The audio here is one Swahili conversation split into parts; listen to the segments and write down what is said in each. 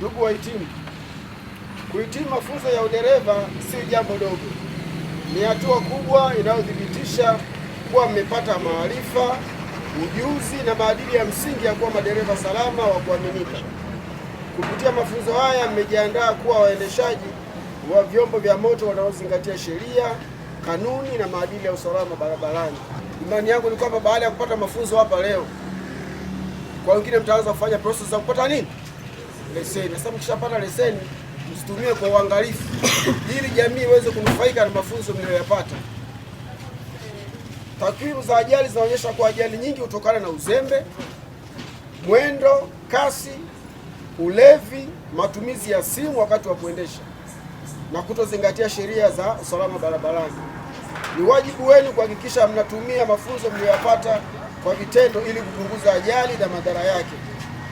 Ndugu wahitimu, kuhitimu mafunzo ya udereva si jambo dogo, ni hatua kubwa inayothibitisha kuwa mmepata maarifa, ujuzi na maadili ya msingi ya kuwa madereva salama wa kuaminika. Kupitia mafunzo haya, mmejiandaa kuwa waendeshaji wa vyombo vya moto wanaozingatia sheria, kanuni na maadili ya usalama barabarani. Imani yangu ni kwamba baada ya kupata mafunzo hapa leo, kwa wengine mtaanza kufanya process za kupata nini leseni. Sasa mkishapata leseni, msitumie kwa uangalifu ili jamii iweze kunufaika na mafunzo mliyoyapata. Takwimu za ajali zinaonyesha kuwa ajali nyingi hutokana na uzembe, mwendo kasi, ulevi, matumizi ya simu wakati wa kuendesha na kutozingatia sheria za usalama barabarani. Ni wajibu wenu kuhakikisha mnatumia mafunzo mliyoyapata kwa vitendo ili kupunguza ajali na madhara yake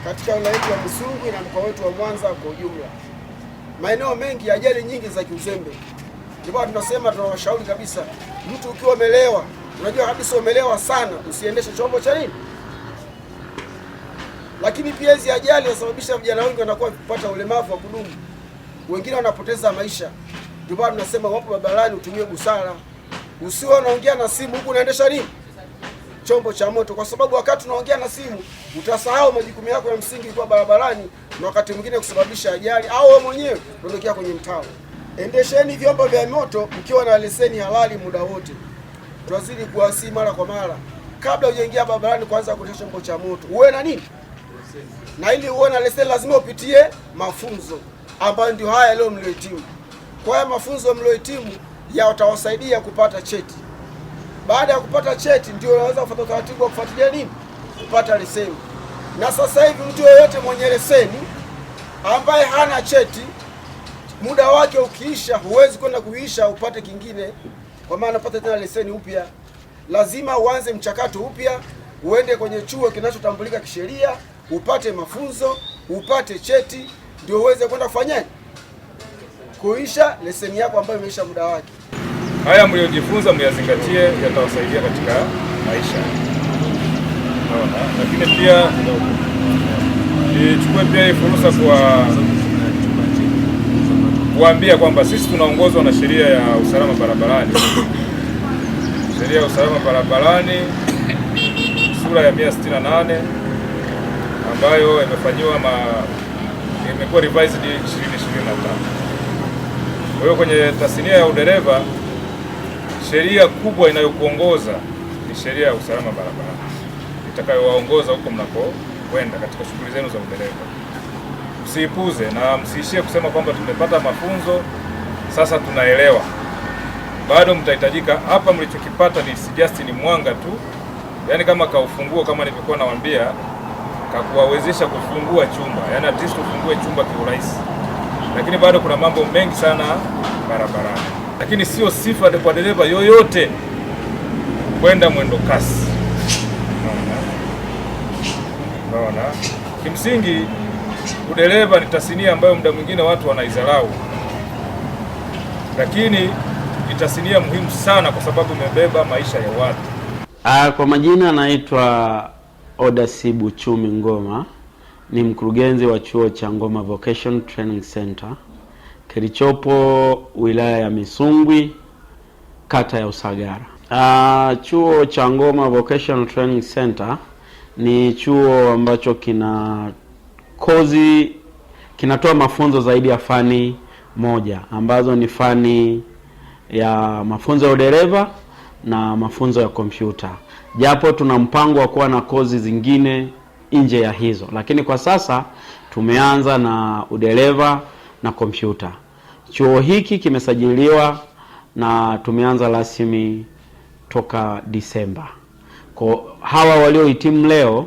katika wilaya yetu ya Misungwi na mkoa wetu wa Mwanza kwa ujumla. Maeneo mengi ajali nyingi za kiuzembe, ndipo tunasema tunawashauri kabisa, mtu ukiwa umelewa, unajua kabisa umelewa sana, usiendeshe chombo cha nini. Lakini pia hizi ajali zinasababisha vijana wengi wanakuwa kupata ulemavu wa kudumu, wengine wanapoteza maisha. Ndipo tunasema wapo barabarani, utumie busara, usiwe unaongea na simu huku unaendesha nini chombo cha moto, kwa sababu wakati tunaongea na simu utasahau majukumu yako ya msingi kwa barabarani, na wakati mwingine kusababisha ajali au wewe mwenyewe kuondokea kwenye mtaro. Endesheni vyombo vya moto mkiwa na leseni halali muda wote. Tuwazidi kuwasii mara kwa mara, kabla hujaingia barabarani, kwanza kuendesha chombo cha moto uwe na nini, na ili uwe na leseni lazima upitie mafunzo ambayo ndio haya leo mliohitimu. Kwa haya mafunzo mliohitimu yatawasaidia kupata cheti baada ya kupata cheti ndio unaweza kufuata utaratibu wa kufuatilia nini, kupata leseni. Na sasa hivi mtu yeyote mwenye leseni ambaye hana cheti, muda wake ukiisha, huwezi kwenda kuisha upate kingine, kwa maana upate tena leseni upya. Lazima uanze mchakato upya, uende kwenye chuo kinachotambulika kisheria, upate mafunzo, upate cheti, ndio uweze kwenda kufanyaje, kuisha leseni yako ambayo imeisha muda wake haya mliojifunza mliyazingatie, yatawasaidia katika maisha. Naona lakini pia nichukue pia hii fursa kwa kuambia kwamba sisi tunaongozwa na sheria ya usalama barabarani sheria ya usalama barabarani sura ya 168 ambayo imefanyiwa ma imekuwa revised 2025. Kwa hiyo kwenye tasnia ya udereva sheria kubwa inayokuongoza ni sheria ya usalama barabarani itakayowaongoza huko mnapokwenda katika shughuli zenu za udereva. Msiipuze na msiishie kusema kwamba tumepata mafunzo sasa tunaelewa. Bado mtahitajika. Hapa mlichokipata ni sijasti ni mwanga tu, yaani kama kaufunguo, kama nilivyokuwa nawaambia, kakuwawezesha kufungua chumba, yaani at least ufungue chumba kiurahisi, lakini bado kuna mambo mengi sana barabarani lakini sio sifa kwa dereva yoyote kwenda mwendo kasi. Naona kimsingi udereva ni tasnia ambayo muda mwingine watu wanaidharau, lakini ni tasnia muhimu sana kwa sababu imebeba maisha ya watu. Aa, ah, kwa majina anaitwa Odasibu Chumi Ngoma, ni mkurugenzi wa chuo cha Ngoma Vocation Training Center kilichopo wilaya ya Misungwi kata ya Usagara. Uh, chuo cha Ngoma Vocational Training Center ni chuo ambacho kina kozi kinatoa mafunzo zaidi ya fani moja ambazo ni fani ya mafunzo ya udereva na mafunzo ya kompyuta, japo tuna mpango wa kuwa na kozi zingine nje ya hizo, lakini kwa sasa tumeanza na udereva na kompyuta. Chuo hiki kimesajiliwa na tumeanza rasmi toka Disemba. Kwa hawa waliohitimu leo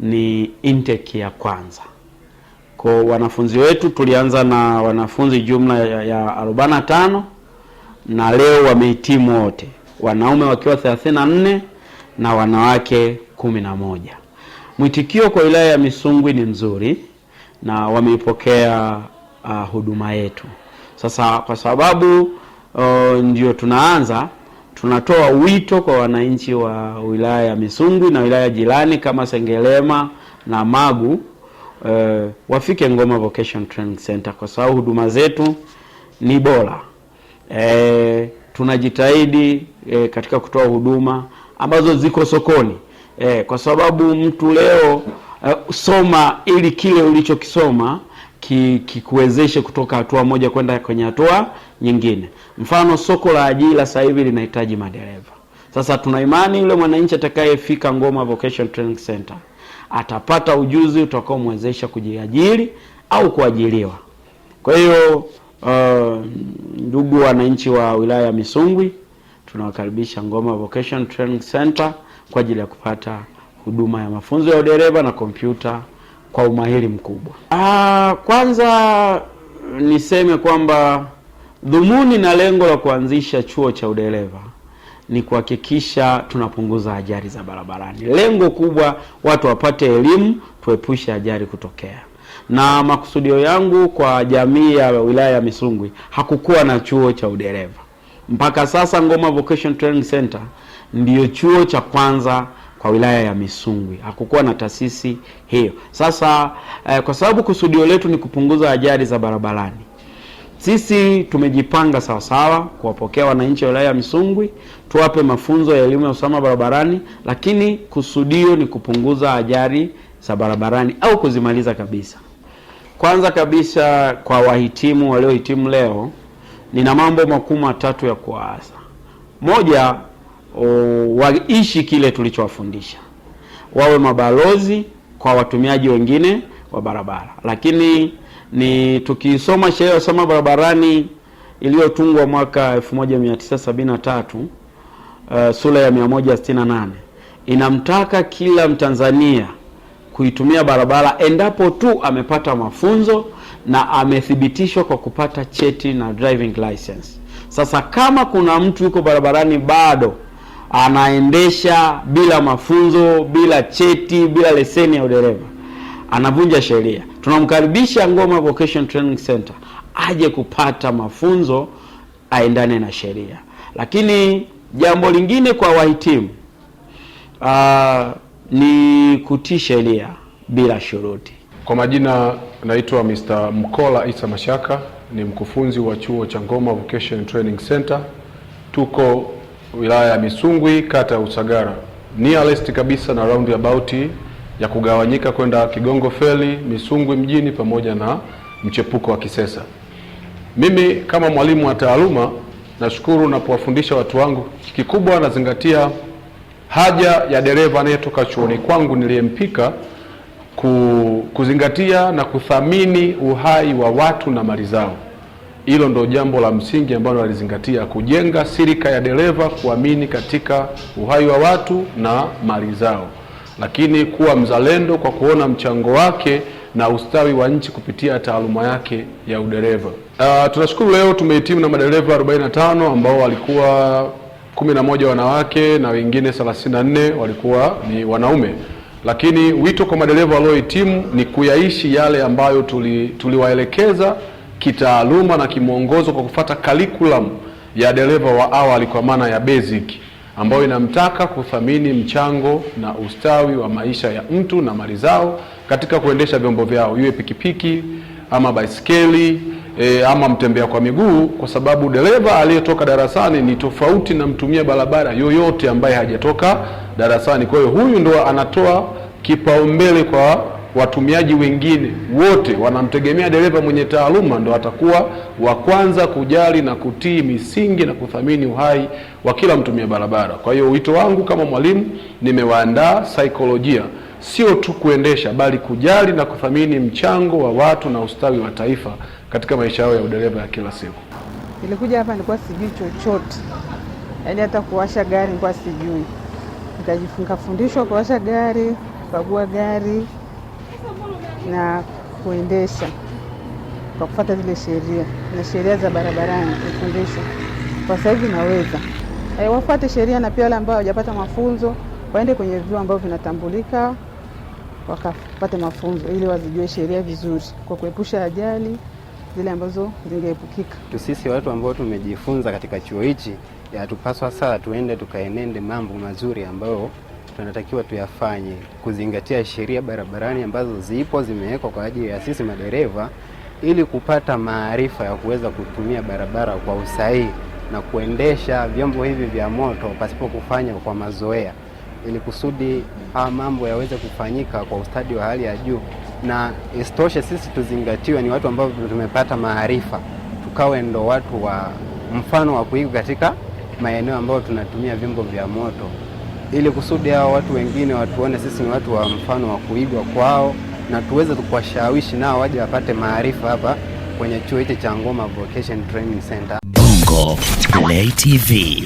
ni intake ya kwanza. Kwa wanafunzi wetu tulianza na wanafunzi jumla ya arobaini na tano na leo wamehitimu wote, wanaume wakiwa 34 na wanawake kumi na moja. Mwitikio kwa wilaya ya Misungwi ni mzuri na wameipokea uh, huduma yetu. Sasa kwa sababu uh, ndio tunaanza, tunatoa wito kwa wananchi wa wilaya ya Misungwi na wilaya jirani kama Sengerema na Magu uh, wafike Ngoma Vocation Training Center kwa sababu huduma zetu ni bora. E, tunajitahidi e, katika kutoa huduma ambazo ziko sokoni e, kwa sababu mtu leo e, uh, soma ili kile ulichokisoma kikuwezeshe ki kutoka hatua moja kwenda kwenye hatua nyingine. Mfano, soko la ajira sasa hivi linahitaji madereva. Sasa tuna imani yule mwananchi atakayefika Ngoma vocation Training Center atapata ujuzi utakaomwezesha kujiajiri au kuajiriwa. Kwa hiyo uh, ndugu uh, wananchi wa wilaya ya Misungwi tunawakaribisha Ngoma vocation Training Center kwa ajili ya kupata huduma ya mafunzo ya udereva na kompyuta kwa umahiri mkubwa. Aa, ah, kwanza niseme kwamba dhumuni na lengo la kuanzisha chuo cha udereva ni kuhakikisha tunapunguza ajali za barabarani. Lengo kubwa watu wapate elimu, tuepushe ajali kutokea. Na makusudio yangu kwa jamii ya wilaya ya Misungwi, hakukuwa na chuo cha udereva mpaka sasa. Ngoma Training Center ndiyo chuo cha kwanza kwa wilaya ya Misungwi, hakukuwa na taasisi hiyo. Sasa eh, kwa sababu kusudio letu ni kupunguza ajali za barabarani, sisi tumejipanga sawasawa kuwapokea wananchi wa wilaya ya Misungwi, tuwape mafunzo ya elimu ya usalama barabarani, lakini kusudio ni kupunguza ajali za barabarani au kuzimaliza kabisa. Kwanza kabisa kwa wahitimu waliohitimu leo, nina mambo makuu matatu ya kuwaasa. Moja, waishi kile tulichowafundisha, wawe mabalozi kwa watumiaji wengine wa barabara. Lakini ni tukisoma sheria ya usalama barabarani iliyotungwa mwaka 1973 uh, eh, sura ya 168 inamtaka kila Mtanzania kuitumia barabara endapo tu amepata mafunzo na amethibitishwa kwa kupata cheti na driving license. Sasa kama kuna mtu yuko barabarani bado anaendesha bila mafunzo, bila cheti, bila leseni ya udereva, anavunja sheria. Tunamkaribisha Ngoma Vocational Training Center aje kupata mafunzo aendane na sheria. Lakini jambo lingine kwa wahitimu uh, ni kutii sheria bila shuruti. Kwa majina naitwa Mr. Mkola Isa Mashaka, ni mkufunzi wa chuo cha Ngoma Vocational Training Center. Tuko wilaya ya Misungwi, kata ya Usagara, nearest kabisa na about ya kugawanyika kwenda Kigongo Feli, Misungwi mjini pamoja na mchepuko wa Kisesa. Mimi kama mwalimu wa taaluma nashukuru napowafundisha watu wangu, kikubwa nazingatia haja ya dereva anayetoka chuoni kwangu niliyempika kuzingatia na kuthamini uhai wa watu na mali zao. Hilo ndo jambo la msingi ambalo nalizingatia, kujenga sirika ya dereva kuamini katika uhai wa watu na mali zao, lakini kuwa mzalendo kwa kuona mchango wake na ustawi wa nchi kupitia taaluma yake ya udereva. Uh, tunashukuru leo tumehitimu na madereva 45 ambao walikuwa 11 wanawake na wengine 34 walikuwa ni wanaume. Lakini wito kwa madereva waliohitimu ni kuyaishi yale ambayo tuliwaelekeza tuli kitaaluma na kimwongozo kwa kufata curriculum ya dereva wa awali kwa maana ya basic ambayo inamtaka kuthamini mchango na ustawi wa maisha ya mtu na mali zao katika kuendesha vyombo vyao, iwe pikipiki ama baisikeli e, ama mtembea kwa miguu, kwa sababu dereva aliyetoka darasani ni tofauti na mtumia barabara yoyote ambaye hajatoka darasani. Kwa hiyo huyu ndo anatoa kipaumbele kwa watumiaji wengine wote wanamtegemea dereva mwenye taaluma ndo atakuwa wa kwanza kujali na kutii misingi na kuthamini uhai wa kila mtumia barabara. Kwa hiyo wito wangu kama mwalimu, nimewaandaa saikolojia, sio tu kuendesha, bali kujali na kuthamini mchango wa watu na ustawi wa taifa katika maisha yao ya udereva ya kila siku. Nilikuja hapa nilikuwa sijui chochote, yaani hata kuwasha gari nilikuwa sijui, nikafundishwa kuwasha gari, kukagua gari na kuendesha kwa kufuata zile sheria na sheria za barabarani kufundisha. Kwa sasa hivi naweza e, wafuate sheria na pia wale ambao hawajapata mafunzo waende kwenye vyuo ambavyo vinatambulika wakapate mafunzo ili wazijue sheria vizuri kwa kuepusha ajali zile ambazo zingeepukika. Sisi watu ambao tumejifunza katika chuo hichi, yatupaswa sasa tuende tukaenende mambo mazuri ambayo tunatakiwa tuyafanye kuzingatia sheria barabarani ambazo zipo zimewekwa kwa ajili ya sisi madereva ili kupata maarifa ya kuweza kutumia barabara kwa usahihi na kuendesha vyombo hivi vya moto pasipo kufanya kwa mazoea, ili kusudi haya mambo yaweze kufanyika kwa ustadi wa hali ya juu. Na isitoshe sisi tuzingatiwe ni watu ambao tumepata maarifa, tukawe ndo watu wa mfano wa kuiga katika maeneo ambayo tunatumia vyombo vya moto ili kusudi hao watu wengine watuone sisi ni watu wa mfano wa kuigwa kwao, na tuweze kuwashawishi nao waje wapate maarifa hapa kwenye chuo hichi cha Ngoma Vocation Training Center. Bongo Play TV.